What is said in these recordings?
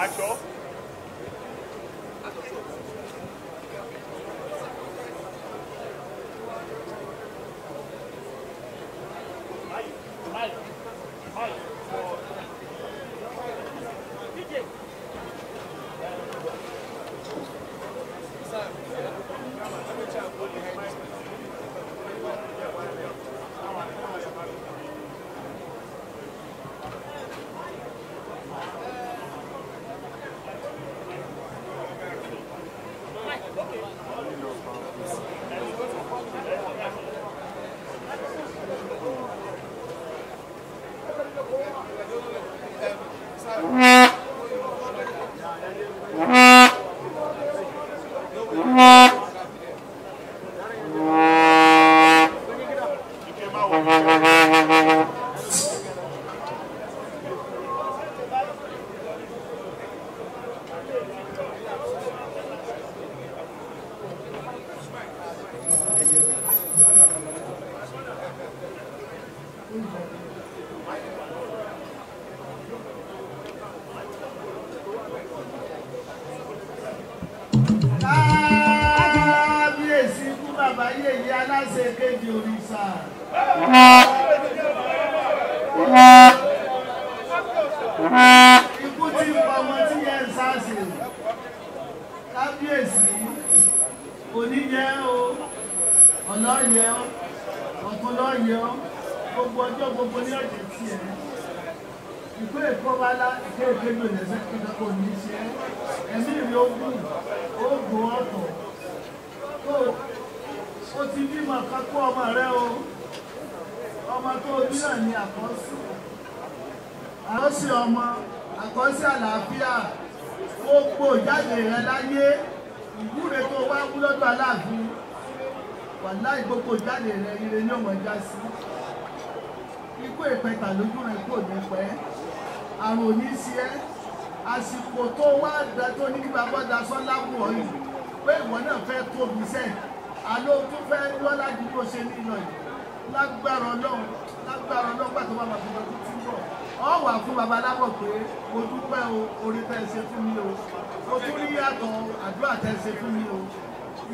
Actual? láyé yìí aláṣẹ kéde òrìṣà. ikú tí ń pa ọmọ tí yẹn ń sáàsì kábíyèsí oníyẹ o ọlọ́yẹ ọ̀túnlọ́yẹ gbogbo ọjọ́ gbogbo ní ọ̀jẹ̀ tiẹ̀ ìkó èkó bá lá ìké èké lò lẹ́sẹ̀ kí n kò ní í ṣe ẹ̀mí ìrìn ogun ó gùn ọ̀tọ̀ ti bímọ kákó ọmọ rẹ o ọmọ tó bí náà ni àkọ́sí àkọ́sí ọmọ àkọ́sí àlàáfíà gbogbo ìjáde rẹ láyé ìwúre tó wá kú lọ́dọ̀ aláàfin wàláì gbogbo ìjáde rẹ ire ní ọmọ ìjà sí ikú ìpẹta lójú rẹ kò ní pẹ́ àrùn ò ní sí ẹ́ àsìkò tó wá gbẹ tó ní kí bàbá dasọ́ lábùọ̀ yìí pé ìwọ náà fẹ́ tóbi sẹ́yìn àlọ́ tó fẹ́ lọ́lá di kó ṣe nínú yìí lágbára ọlọ́run lágbára ọlọ́run pàtó bá bàbá tó tún bọ̀ ọ wà fún baba lábọ̀ pé o dúpẹ́ o orí tẹ́ ṣe fún mi o o tún rí yàtọ̀ àdúrà tẹ́ ṣe fún mi o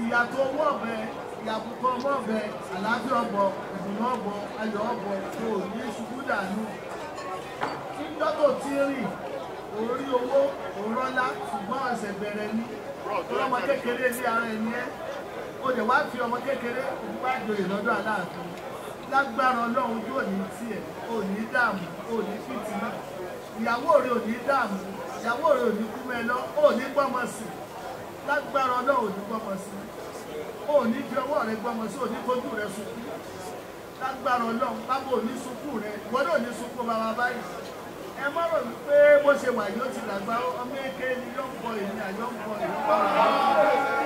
ìyàtọ̀ owó ọ̀bẹ ìyàkùkọ ọmọ ọ̀bẹ àlàáfíà ọ̀bọ ìdùnnú ọ̀bọ ayọ̀ ọ̀bọ tó o ní ṣubú dànù níjọ́ tó ti rìn orí owó òrọ́lá ṣùgbọ́n ọ̀sẹ̀ bẹ̀rẹ̀ ni ọlọ́mọ kékeré ní ara ẹ̀ ní ẹ́ o lè wá fi ọmọ kékeré òun wá joyè lọ́dọ̀ aláàfin lágbára ọlọ́run yóò ní tiẹ̀ ò ní dààmú ò ní fìtìmọ́ ìyàwó rẹ ò ní dààmú ìyàwó rẹ ò ní kú mẹ́lọ́ ò ní gbọ́mọ sí lágbára ọlọ́run ò ní gbọ́mọ sí ò ní fi ọwọ́ rẹ gbọ́mọ sí ò ní kójú rẹ sunkún lágbára ọlọ́run bábò ò ní sunkún rẹ ìwọ́dọ̀ ò ní sunkún bàbá báyìí ẹ má rò mí pé bó ṣe wà yóò ti làgbá ọmọ èké ni yóò ń bọ èmi àyọ̀ ń bọ èmi bọ̀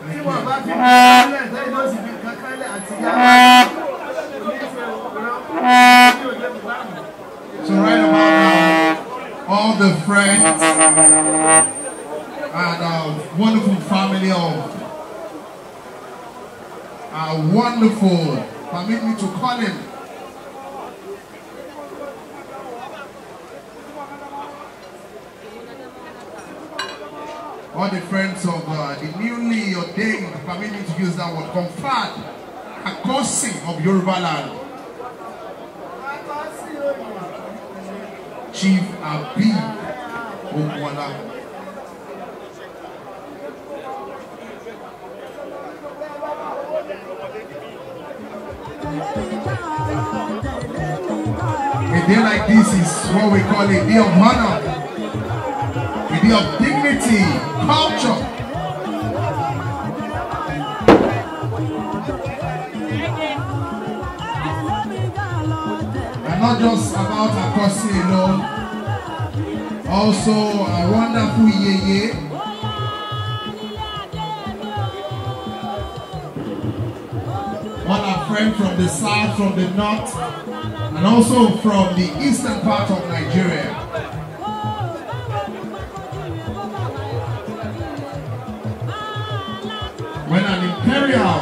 tí wọ́n So right about now, all the friends and our wonderful family of our wonderful, permit me to call him all the friends of uh, the newly ordained, permit me to use that word, conferred, a Akosi of Yoruba land. Chief Abi Okwala. A day like this is what we call a day of honor, a day of identity, culture. And not just about Akosi alone, also a wonderful Yeye. -ye. All our friends from the south, from the north, and also from the eastern part of Nigeria. imperial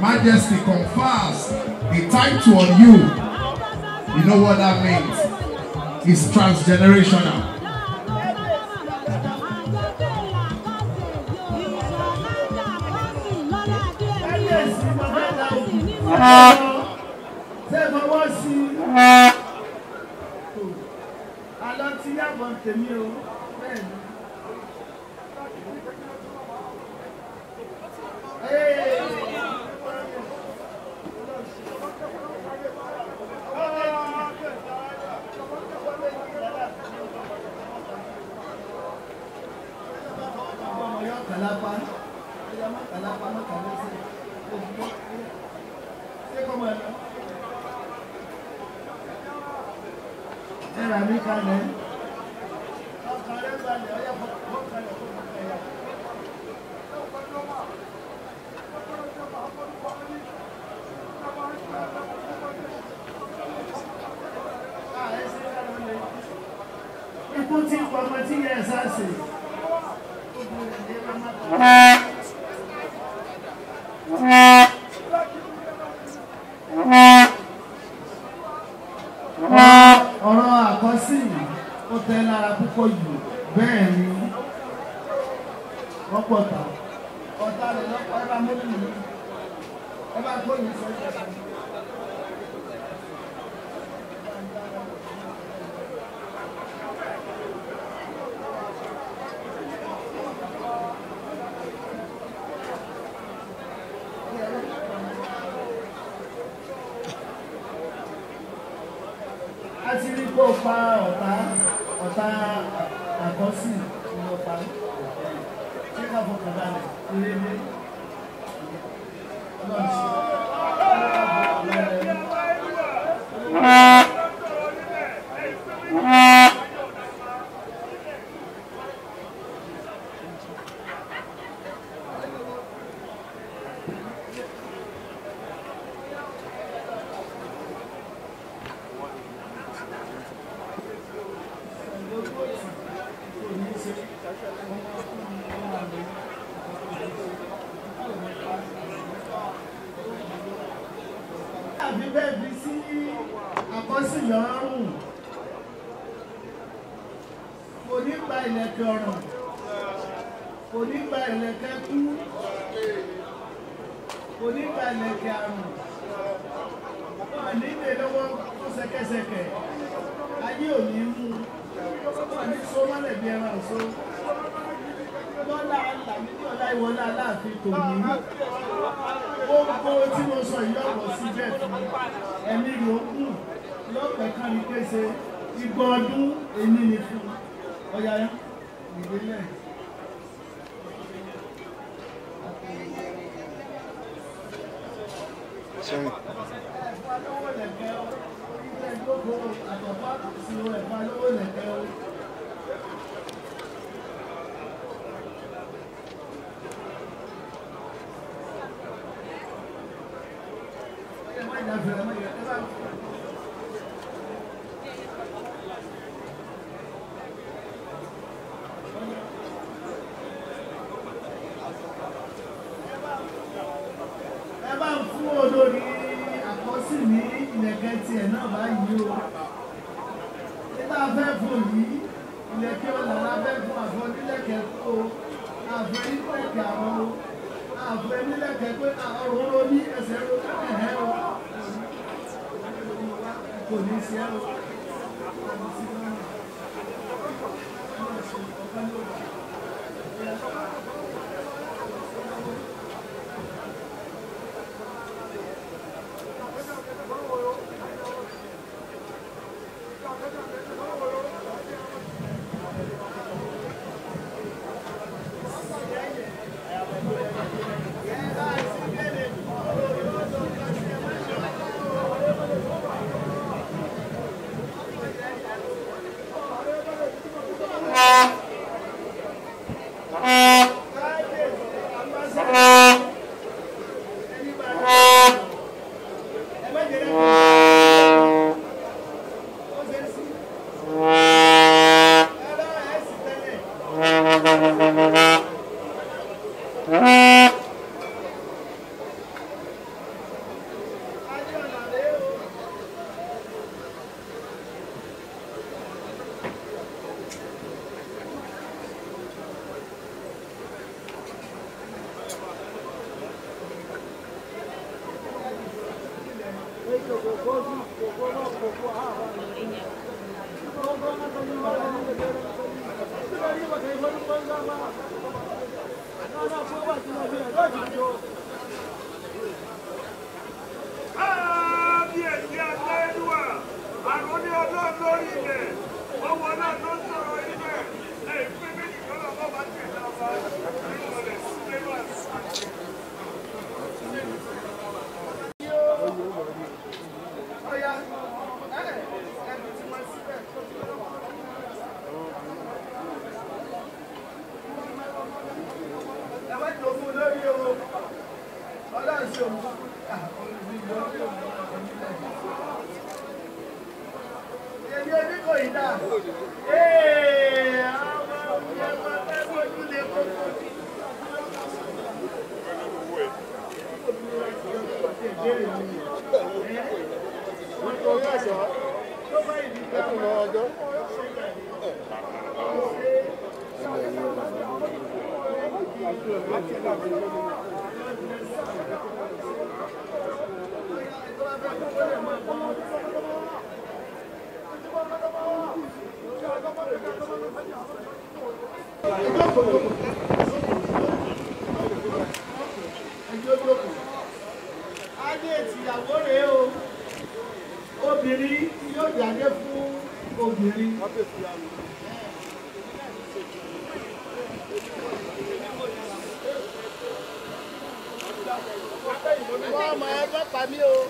majesty confers the title on you. You know what that means? It's transgenerational. Alọ́tí yàgbọ́n tèmi o. ẹ̀rà mi kalẹ̀ ọkàn rẹ̀ balẹ̀ ọyẹ́ fọkànlẹ̀ fún ẹ̀yà. Ikú tí ọmọ tí yẹ ẹ sá sí. Ah. pọ̀ tà ọ̀tá rẹ̀ lọ́pọ̀ ẹ bá mọ́tò yìí ẹ bá gbóyè sọ́jà. Ah! onígbà ẹ̀lẹ̀kẹ́ kú onígbà ẹ̀lẹ̀kẹ́ àrùn wà nílé lọ́wọ́ tó ṣẹ̀kẹ̀ṣẹ̀kẹ̀ ayé ò ní mú wà ní so bí ẹran so lọ́la làmídìí ọ̀la ìwọlá aláàfin tò ní gbogbo tí mo sọ yìí ọ̀wọ̀ síbẹ̀ fún ẹ̀mí yòókù lọ́pẹ̀ kan ní kése igbó ọdún èmi ni fún ọ̀yà ìdílé. sẹ́yìn. Thank you. àbọ̀ onílẹ̀kẹ̀ àwọn o àbọ̀ onílẹ̀kẹ̀ pé ọ̀rọ̀ ń ronú ẹsẹ̀ ń ronú ẹ̀hẹ́ o kò ní sí ẹ Thank you. Ah, Àbí ẹ̀sìn àtẹ́lúwà, àrùn ní ọlọ́run lórí ilẹ̀, ọmọ náà ló sọ̀rọ̀. Adé yóò jáde fún obìnrin. gbà mí o.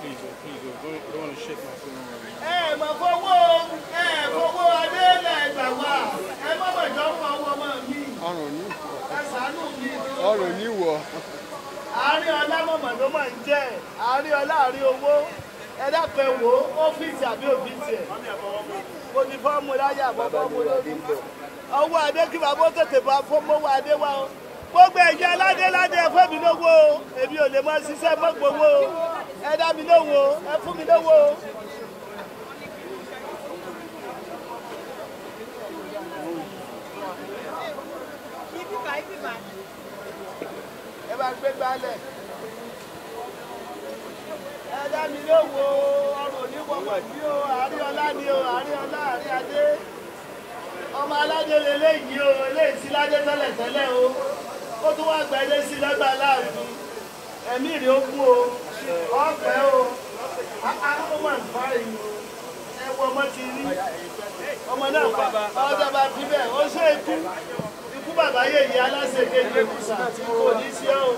Please, please, my phone right now. Ẹ mọ̀ fowó ẹ fowó Adélẹ̀ ẹgbà wá ẹ má bàa jọ fún ọwọ́ ọmọ mi. Ọrùn ní wọ̀. Ẹ ṣàánú mi. Ọrùn ní wọ̀. Àárín ọlá mọ̀mọ̀ ló máa ń jẹ́ àárín ọlá àárín owó ẹ dákun ẹ wò ó ọ́fíìsì àbí òfíìsì ẹ̀. Mo ti fọ́ mu láyà bọ́ bọ́ mu lórí ọwọ́ adé kí bàbá ó tètè bá fọmọ́wọ́ adé wa o gbogbo ẹ̀yẹ aládé ládé ẹ fún mi lówó o èmi ò lè máa ṣiṣẹ́ mọ́gbowó o ẹ dá mi lówó o ẹ fún mi lówó o. ẹ bá gbé gbálẹ̀ ẹ dá mi lówó o ọrùn oníwọ̀wọ̀ ni o àárín ni o àárín ọlá ọmọ aládé leléyìí o eléyìí sí ládé tẹ́lẹ̀ tẹ́lẹ̀ o ó tún wá gba ilé sí lọ́gbà láàrin ẹ̀mí rẹ̀ ó kú o ọ̀pẹ o ó mà ń fa ìlú o wọ ọmọ ti rí ọmọ náà pa ọjọ́ bá bí bẹ́ẹ̀ ó ṣe é ikú bàbá yèyí aláṣẹ kejì èkúsà kò ní í ṣe o.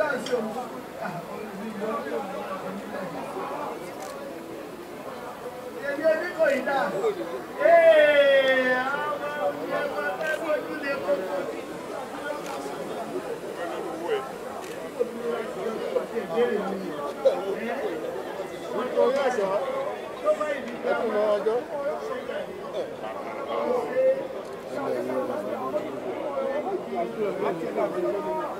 èmi ẹbí kò yí dà ee àwọn ọmọ ẹgbẹ́ fẹ́ fojú lè kókó Thank you.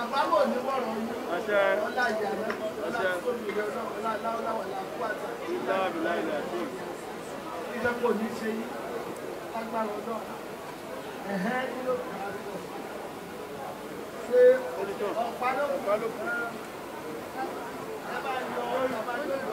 àbáwọ̀ ní wọ̀rọ̀ yín ọlá ìyàrá ọlá tóbi rẹ ọlá láwọláwọ̀ làkú àtà ìjọ kò ní ṣe yín lágbára ọlọ́ ẹ̀hẹ́ kí ló kà á lọ ṣé ọ̀pá ló kù ẹ bá yọ ọ̀pá ló lọ.